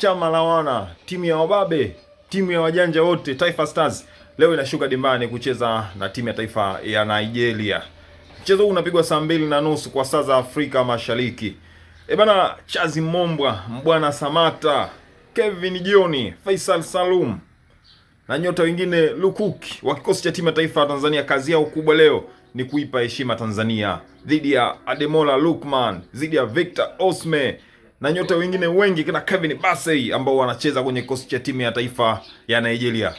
chama la wana, timu ya wababe, timu ya wajanja wote, Taifa Stars leo inashuka dimbani kucheza na timu ya taifa ya Nigeria. Mchezo huu unapigwa saa mbili na nusu kwa saa za Afrika Mashariki. E bana, Chazi Mombwa, Mbwana Samata, Kevin jioni Faisal Salum na nyota wengine lukuki wa kikosi cha timu ya taifa ya Tanzania, kazi yao kubwa leo ni kuipa heshima Tanzania dhidi ya Ademola Lukman, dhidi ya Victor Osme na nyota wengine wengi kina Kevin Bassey ambao wanacheza kwenye kikosi cha timu ya taifa ya Nigeria.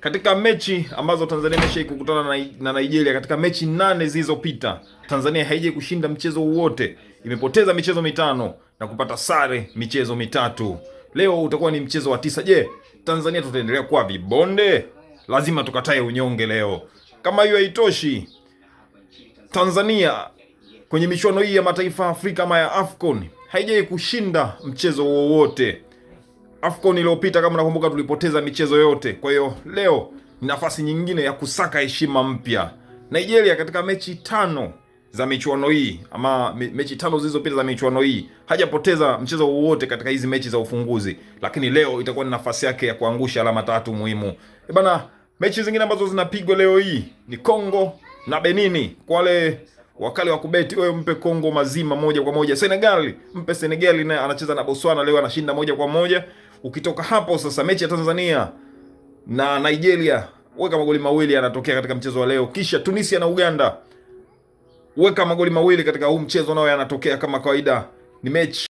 Katika mechi ambazo Tanzania imeshai kukutana na Nigeria, katika mechi nane zilizopita, Tanzania haijai kushinda mchezo wote, imepoteza michezo mitano na kupata sare michezo mitatu. Leo utakuwa ni mchezo wa tisa. Je, Tanzania tutaendelea kuwa vibonde? Lazima tukatae unyonge leo. Kama hiyo haitoshi, Tanzania kwenye michuano hii ya mataifa Afrika ama ya AFCON haijai kushinda mchezo wowote. AFCON iliyopita kama nakumbuka, tulipoteza michezo yote. Kwa hiyo leo ni nafasi nyingine ya kusaka heshima mpya. Nigeria katika mechi tano za michuano hii ama mechi tano zilizopita za michuano hii hajapoteza mchezo wowote katika hizi mechi za ufunguzi, lakini leo itakuwa ni nafasi yake ya kuangusha alama tatu muhimu. E bana, mechi zingine ambazo zinapigwa leo hii ni Congo na Benini kwa wale wakali wa kubeti wewe mpe Kongo mazima moja kwa moja. Senegal mpe Senegal, naye anacheza na Botswana leo anashinda moja kwa moja. Ukitoka hapo sasa, mechi ya Tanzania na Nigeria weka magoli mawili yanatokea katika mchezo wa leo, kisha Tunisia na Uganda weka magoli mawili katika huu mchezo, nao yanatokea kama kawaida. Ni mechi